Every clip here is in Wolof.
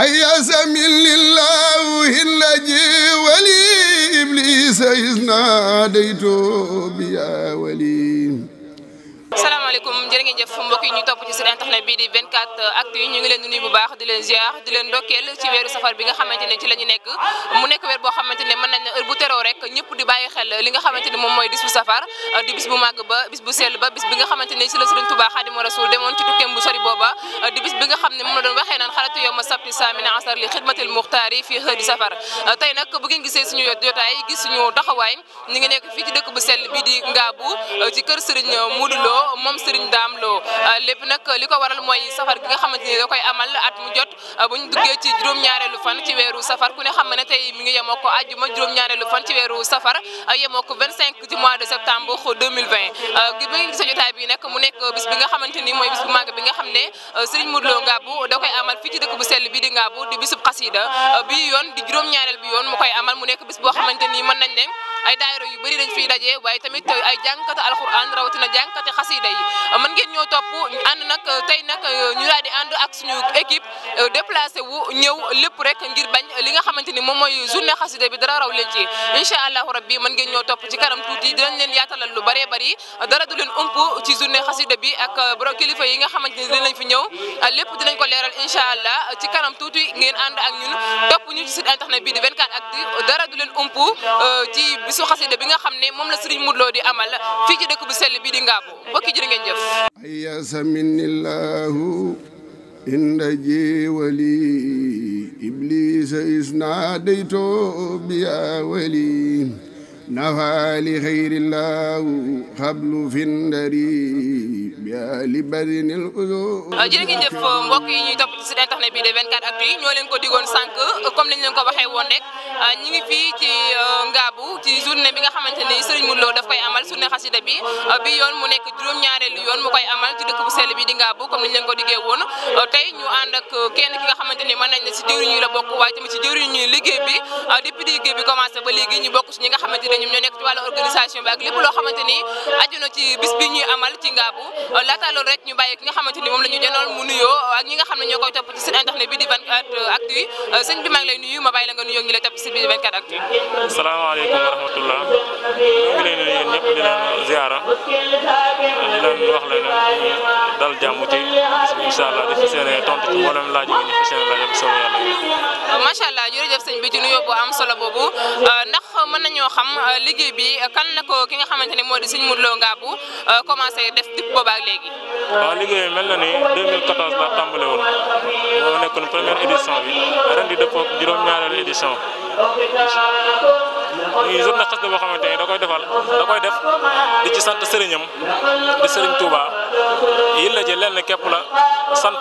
أيسم لله الذي ولي إبليس إذ ناديت بيا ولي salaamaaleykum jërë ngeen jëf mbokk yi ñu topp ci seen internet bii di 24 actu yi bu baax di leen ziar di leen ndokkeel ci weeru safar bi nga xamante ne ci la nekk mu nekk weer boo xamante ne mën nañ ne heure bu teroo rek ñëpp di bàyyi xel li nga xamante ne moom mooy bis bu safar di bis bu màgg ba bis bu sell ba bis bi nga xamante ne ci la Sëriñ Tuubaa Xaadimu Rasuul demoon ci tukkeem bu sori booba di bis bi nga xam ne moom la doon waxee naan xalatu yow ma sabti saamina asar li xidmatil muxtaar fii xëy di safar tey nag bu ngeen gisee suñu gis suñu taxawaay ñu ngi nekk fii ci dëkk bu sell bii moom Serigne Dame Lo euh, lépp nag li ko waral mooy safar gi nga xamante ni da koy amal at mu jot euh, bu ñu duggee ci juróom-ñaareelu fan ci weeru safar ku ne xam ne tey mi ngi yemoo ko àjjuma juróom-ñaareelu fan ci weeru safar yemoo ko 25 du mois de septembre 2020 euh, gi bi ngi gis jotaay bi nag mu nekk bis bi nga xamante ni mooy bis bu màgg bi nga xam ne Serigne Modou Lo Ngabou da koy amal fii ci dëkk bu sell bi di Ngabou di bisub xasida bi yoon juróom-ñaareel bi yoon mu koy amal mu nekk bis boo xamante ni mën nañ ne ay daayira yu bëri dañ fiy daje waaye tamit ay jàngkati alxuraan rawatina jàngkati xasida yi mën ngeen ñoo topp ànd nag tey nag ñu daal di ànd ak suñu équipe déplacé wu ñëw lépp rek ngir bañ li nga xamante moom mooy journée xasida bi dara raw leen ci incha allahu rabbi mën ngeen ñoo topp ci kanam tuuti dinañ leen yaatalal lu bëree bëri dara du leen ump ci journée xasida bi ak borom kilifa yi nga xamante ni dinañ fi ñëw lépp dinañ ko leeral incha allah ci kanam tuuti ngeen ànd ak ñun topp ñu ci site bisu xasida bi nga xam ne moom la Serigne Modou amal fii ci dëkk bu sell bi di Ngaabu mbokki jërë ngeen jëf ayasa minillahu inda jeewali iblisa isnadayto biya wali nafaali xayrillahu xablu findari Ah, jërë ngeen jëf mbokk yi ñuy topp ci site internet bi de 24 actu yi ñoo leen ko digoon sànq comme ni ñu leen ko waxee woon rek ah, ñi ngi fii ci euh, Ngaabu ci journée bi nga xamante ni Serigne Modou Lo amal journée xasida bi ah, bi mu nekk juróom-ñaareelu yoon mu koy amal ci bi di Ngaabu comme ni ko diggee woon tey ñu ànd ak kenn ki nañ ne ci jëriñ ñuy la bokk liggéey bi depuis liggéey bi commencé ba bokk ci ñi nga xamante ne ñoom ñoo nekk ci wàllu organisation bi ak lépp loo xamante ni aju na ci bis bi ñuy amal ci Ngaabu laata loolu rek ñu bàyyi ki nga xamante ni moom la ñu mu nuyoo ak ñi nga xam ne ñoo koy topp ci seen internet bi di 24 actu yi euh, sëñ bi maa ngi nuyu ma bàyyi la nga nuyoo ngi salaamaaleykum wa rahmatullah ñu ngi leen di nuyu ñëpp di leen ziara euh, di wax leen dal jàmm ci bis bi incha allah di fi seen tontu ci mboolem ak solo yàlla. Euh, macha allah jërëjëf sëñ bi nuyoo bu am solo boobu euh, ndax mën nañoo xam euh, liggéey bi euh, kan la ko ki nga xamante ni moo di Serigne Modou Lo Ngabou commencé def dipp boobaak léegi. waaw liggéey mel na ni 2014 la tàmbale woon moo nekkoon première édition bi ren di dëppoo juróom-ñaareelu édition. muy journée xasida boo xamante ne da koy defal da koy def di ci sant sëriñam di sëriñ Touba yi la ji lenn képp la sant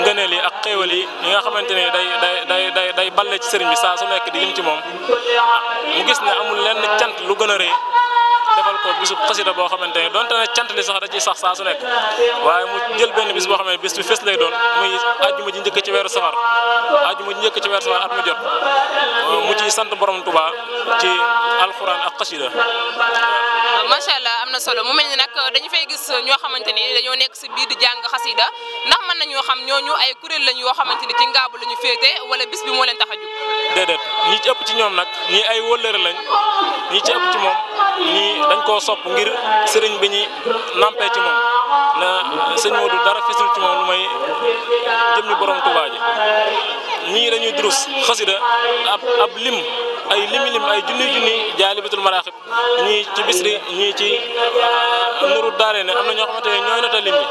ngëneel yi ak xéewal yi yi nga xamante ne day day day day day balle ci sëriñ bi saa su nekk di lim ci moom mu gis ne amul lenn cant lu gën a rëy defal ko bisub xasida boo xamante ne donte ne cant li sax a ciy sax saa su nekk waaye mu jël benn bis boo xam ne bis bi fees lay doon muy ajjuma ji njëkk ci weeru safar ajjuma ji njëkk ci weeru safar at mu jot sant borom Touba ci alxuraan ak xasida macha allah am na solo mu mel ni nag dañu fay gis ñoo xamante ni dañoo nekk si biir di jàng xasida ndax mën nañoo xam ñooñu ay kuréel lañ yoo xamante ni ci ngaabu la ñu féete wala bis bi moo leen tax a jug. déedéet ñi ci ëpp ci ñoom nag ñii ay wëllëre lañ ñi ci ëpp ci moom ñii dañ koo sopp ngir sëriñ bi ñi nampee ci moom. na sëñ Modou dara fisul ci moom lu may jëmmi borom Touba ji ñii dañuy durus xasida ab ab lim ay limi lim ay junni junni jaalibatul maraaxib ñii ci bisri ñii ci uh, nuru daare ne am na ñoo xamante ne ñooy nota lim bi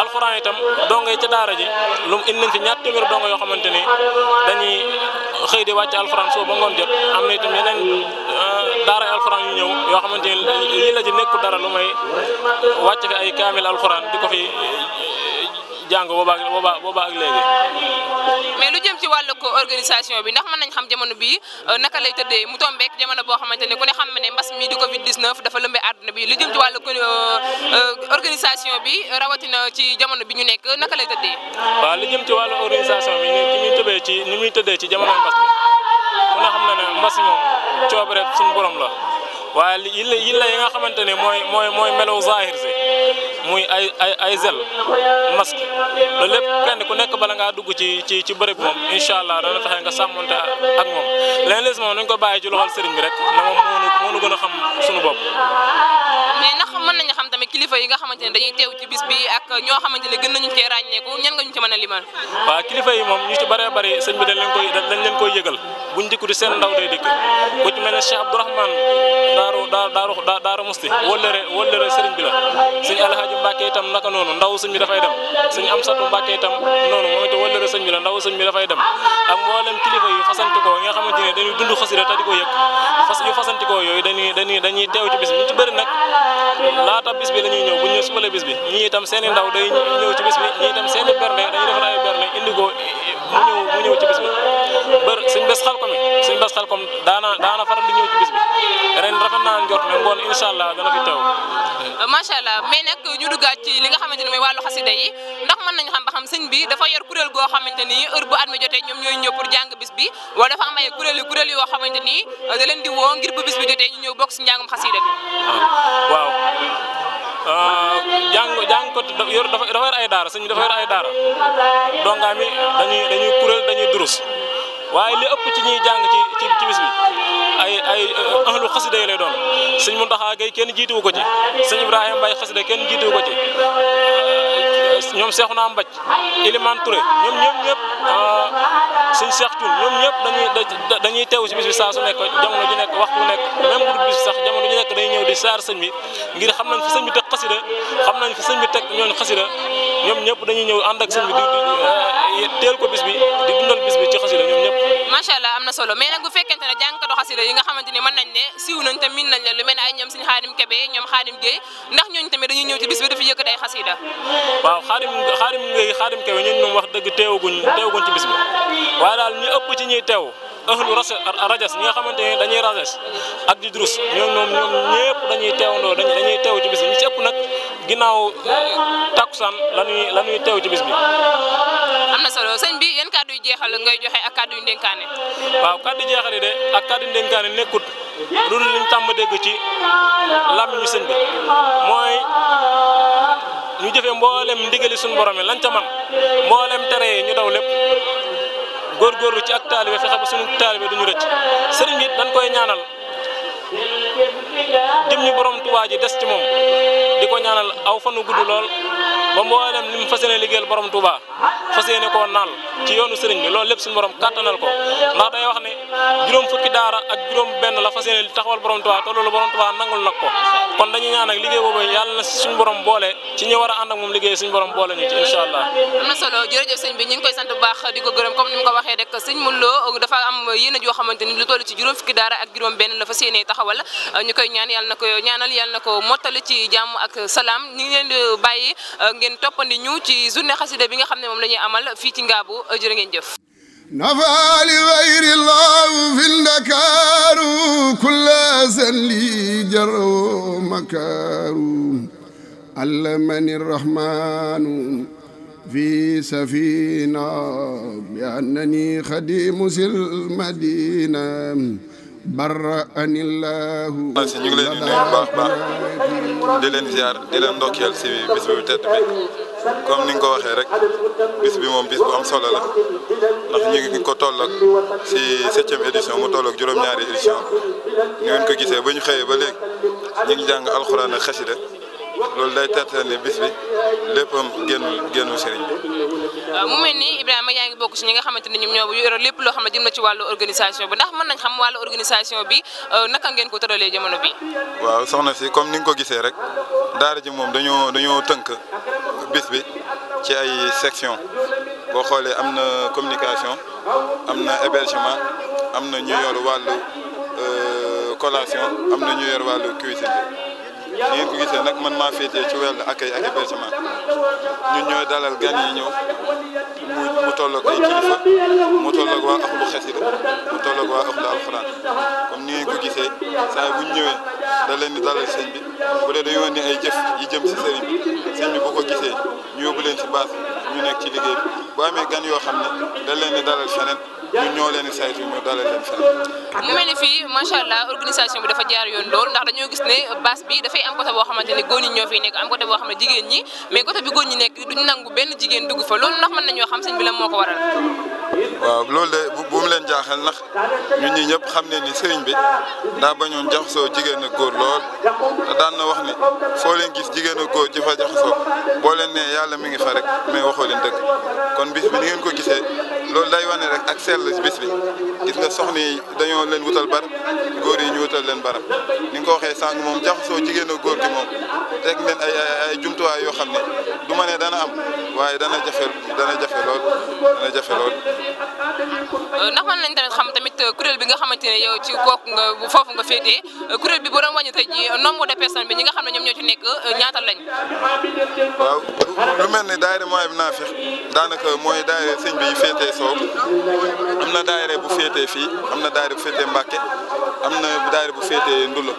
alxuraan itam dongo yi ca daara ji lu mu indi nañ fi ñaar téeméeri dongo yoo xamante ni dañuy xëy di wàcc alxuraan soo ba ngoon jot am na yeneen alxuraan yu yoo xamante ni lii la dara lu may wàcc fi ay kaamil alxuraan di ko fi eh, jàng boobaa boobaa boobaa ak mais lu jëm ci wàllu organisation bi ndax nañ xam jamono bii euh, naka lay tëddee mu tombeek jamono boo xamante ne ku ne xam ne mbas mi di Covid 19 dafa lëmbee àdduna bi lu jëm ci wàllu euh, euh, organisation bi rawatina ci jamono bi ñu nekk naka lay tëddee. waaw lu jëm ci wàllu organisation bi ni muy tëddee ci ni muy tëddee ci jamono mbas mi ku ne xam na ne mbas moom coobare suñu borom la. waaye li yilla yilla yi nga xamante ne mooy mooy mooy melaw zahir si muy ay ay ay zel masque loolu lépp kenn ku nekk bala ngaa dugg ci ci ci bërëb moom incha allah dana fexe nga sàmmonte ak moom leneen les moom nañ ko bàyyi ci loxol sëriñ bi rek na moom moo nu gën a xam suñu bopp kilifa yi nga xamante ne dañuy teew ci bis bi ak ñoo xamante ne gën nañu cee ràññeeku ñan nga ñu ci mën a limal waaw kilifa yi moom ñu ci bëree bëri sëñ bi dañ leen koy dañ leen koy yëgal buñ dikku di seen ndaw day dikk ku ci mel ne Cheikh Abdourahman daaru daaru daaru musti wëllëre wëllëre sëriñ bi la sëñ Alhaji Mbàkke itam naka noonu ndaw sëñ bi dafay dem sëñ Amsatu Mbàkke itam noonu moom itam wëllëre sëñ bi la ndaw sëñ bi dafay dem ak mboolem kilifa yi fasante ko nga xamante ne dañuy dund xasida te ko yëg fasantikoo yooyu dañuy dañuy dañuy teew ci bis bi ñu nag laata bis bi ñëw bu ñu ñëw suba la bis bi i ndaw day ñëw ci bis bi ñii itam seen i berne dañuy defar ay berne indi mu ñëw mu ñëw bër suñ bés xel ko mi suñ bés xel ko mi daana daana faral di ñëw ci bis bi ren rafet naa njort ne ngoon incha allah dana fi teew macha allah mais nag ñu duggaat ci li nga xamante ne mooy wàllu xasida yi ndax man nañ xam ba xam sëñ bi dafa yor kuréel goo xamante ni heure bu at mi jotee ñoom ñooy ñëw pour jàng bis bi wala dafa am ay kuréel yu kuréel yoo xamante ni euh, da leen di woo ngir bu bis bi jotee ñu ñëw bokk si njàngum xasida bi ah, waaw ah, jàng jàng ko yor dafa yor ay daara sëñ bi dafa yor ay daara dongaa mi dañuy dañuy kuréel dañuy durus waaye li ëpp ci ñuy jàng ci ci bi ay ay euh, ahlu xasida yi lay doon sëñ Muntaxa Gay kenn jiituwu ko ci sëñ Ibrahima Bay xasida kenn jiituwu ko ci euh, ñoom seexu naa mbaj Iliman Touré ñoom ñëpp ñëpp euh, suñ seex tun ñoom ñëpp dañuy dañuy teew si bis bi saa su nekk jamono ju nekk waxtu nekk même bu bis sax jamono nekk dañuy ñëw di saar sëñ bi ngir xam nañ fi sëñ bi teg xasida xam nañ fi sëñ bi teg ñooñ xasida ñoom ñëpp dañuy ñëw ànd ak sëñ bi di teel ko bis bi di macha am na solo mais nag bu fekkente ne jàngkatu xasida yi nga xamante ni mën nañ ne siiw nañ te nañ la lu mel ne ay ñoom suñu xaadim kebe ñoom xaadim géey ndax ñooñu tamit dañuy ñëw ci bis bi kebe ñun wax dëgg teewaguñ teewaguñ ci bis bi waaye daal ñu ëpp ci ñuy teew ahlu rajas ñi nga xamante dañuy rajas ak di durus ñoom moom ñoom ñëpp dañuy dañuy teew ci bis bi ñu ci ëpp nag ginnaaw takkusaan lañuy teew ci bis am na solo sëñ bi yéen jeexal ngay joxe ak kàddu yu ndénkaane waaw kàddu jeexal yi de ak kàddu ndénkaane nekkut lu dul tàmm dégg ci làmmiñu sëñ bi mooy ñu jëfee mboolem ndigali suñu borom yi lañ ca man mboolem tere yi ñu daw lépp góorgóorlu ci ak taalibe fexe ba suñu taalibe duñu rëcc sëriñ bi dañ koy ñaanal jëm ñu borom Tuubaa ji des ci moom di ko ñaanal aw fanu gudd lool ba mboolem li mu fas yéene liggéeyal borom Touba fas yéene koo naal ci yoonu sëriñ bi loolu lépp suñu borom kàttanal ko ndax day wax ne juróom fukki daara ak juróom benn la fas yéene taxawal borom Touba te loolu borom Touba nangul nag ko kon a ñu koy a joo xamante ni la fas yéene taxawal ñu koy ñaan yàlla na ko ñaanal yàlla na ko mottali ci jàmm ak salaam ñu ngi leen bàyyi Euh, ngeen toppandi ñu ci journée xasida bi nga xam ne moom la ñuy amal fii ci Ngaabu euh, jërë ngeen jëf nafaali xayri llahu fi ndakaaru kulla san li jaro makaaru allamani rahmanu fi safina bi annani xadimu sil madina barra na si ñu ngi leen di nuyu baax baax di leen ziar di leen ndokkeel si bis bi tedd bi comme ni nga ko waxee rek bis bi moom bis bu am solo la ndax ñu ngi ko toll si septième édition mu toll ak juróom-ñaari édition ni ngeen ko gisee ba ñu xëyee ba léegi ñu ngi jàng alxuraan ak xasida loolu day tàttale ne bis bi léppam génn génnu sëriñ bi. Euh, mu mel ni Ibrahima yaa ngi bokk ci ñi nga xamante ne ñoom ñoo yore lépp loo xam ne jëm na ci wàllu organisation bi ndax mën nañ xam wàllu organisation bi euh, naka ngeen ko tëralee jamono bi waaw soxna si comme ni nga ko gisee rek daara ji moom dañoo dañoo tënk bis bi ci ay section boo xoolee am na communication am na hébergement am na ñu yor wàllu euh, collation am na ñu yor wàllu cuisine li ko gisee nag man maa féete ci wàllu accueil ak hébergement ñun ñooy dalal gan yi ñëw mu mu tolloog ay kilifa mu tolloog waa axlu mu tolloog waa axlu alxuraan comme ni ngeen ko gisee saa bu ñu ñëwee da leen di dalal sëñ bi bu dee dañoo ni ay jëf yi jëm si sëriñ bi sëñ bi bu ko gisee ñu yóbbu leen si base ñu nekk ci liggéey bi bu amee gan yoo xam ne dañ leen di dalal feneen ñun ñoo leen di saytu ñu dalal leen feneen. mu mel ni fii macha allah organisation bi dafa jaar yoon lool ndax dañoo gis ne base bi dafay am côté boo xamante ne góor ñi ñoo fiy nekk am côté boo xam ne jigéen ñi mais côté bi góor ñi nekk nangu benn jigéen dugg fa loolu ndax mën nañoo xam sëñ bi lan moo ko waral. waaw loolu de bu leen jaaxal ndax ñun ñi ñëpp xam ne ni sëriñ bi daa bañoon na wax ni foo ji fa jaxasoo boo leen nee yàlla mi ngi fa rek fa leen dëkk kon bis bi ni ngeen ko gisee loolu day wane rek ak sell bis bi gis nga soxna yi dañoo leen wutal bar góor wutal leen baram ni ko waxee sànq moom jaxasoo jigéen ak góor gi moom teg leen ay ay jumtuwaay yoo xam ne du ma ne dana am waaye dana jafe dana jafe lool dana jafe lool. Euh, ndax mën nañ tamit xam tamit euh, kuréel bi nga xamante ne yow ci kooku nga foofu nga féetee euh, kuréel bi bu doon wàññi tey jii nombre de personnes bi ñi nga xam ne ñoom ñoo ci nekk ñaata lañ. waaw lu mel ni daayira mooy bi naa fex daanaka mooy daayira sëñ bi féetee soow am na daayira bu féetee fii am na daayira bu féetee Mbàkke am na daayira bu féetee Ndulo.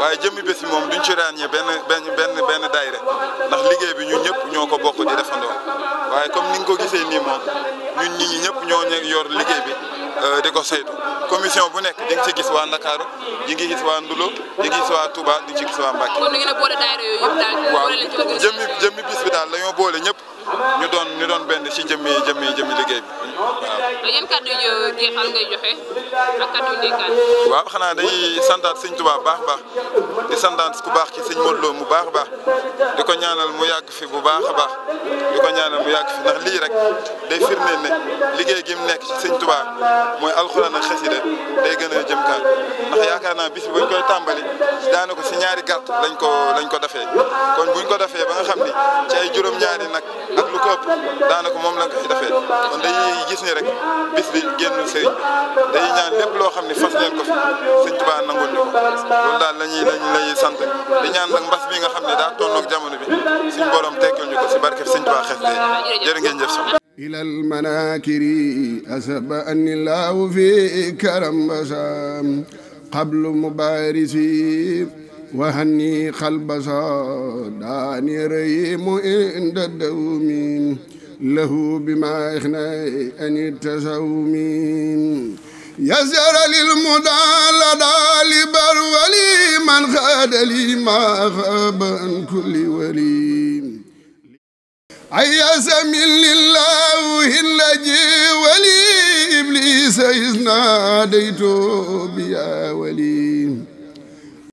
waaye jëmmi bés bi moom duñ ci ràññee benn benn benn benn daayira ndax liggéey bi ñu ñëpp ñoo ko bokk di defandoo waaye comme ni nga ko gisee nii moom ñun nit ñi ñëpp ñoo yor liggéey bi. Euh, di ko saytu commission bu nekk di ngi ci gis waa Ndakaaru di ngi gis waa Ndulo di gis waa Touba di nga ci gis waa Mbacke. kon ngeen a boole waaw jëmmi jëmmi bis bi daal dañoo boole ñëpp ñu doon ñu doon benn ci jëmmi jëmmi jëmmi liggéey bi waaw. xanaa dañuy santaat sëñ Touba baax baax di santaat ku baax ci sëñ Modou Lo mu baax baax di ko ñaanal mu yàgg fi bu baax a baax di ko ñaanal mu yàgg fi ndax lii rek day firndeel ne liggéey gi mu nekk ci sëñ Tuubaa mooy alxuraan ak xasida day gën a jëm kaat ndax yaakaar naa bis bi buñ koy tàmbali daanaka si ñaari gàtt lañ ko lañ ko defee kon buñ ko defee ba nga xam ni ci ay juróom-ñaari nag ak lu ko ëpp daanaka moom lañ koy defee kon dañuy gis ni rek bis bi génn sëriñ day ñaan lépp loo xam ne fas leen ko fi sëñ Tuubaa nangul ñu ko loolu daal lañuy lañuy sant di ñaan nag mbas mi nga xam ne daa tolloog jamono bi suñ borom tekkil ñu ko si barke sëñ Tuubaa xes de إلى المناكر أسب أن الله في كرم بسام قبل مبارسي وهني قلب صاداني ريم عند الدوم له بما إخنى أن التسوم يزر للمدى لدى لبر ولي من خاد لي ما خاب عن كل ولي عياس من لله النجي ولي إبليس إذ ناديت بيا ولي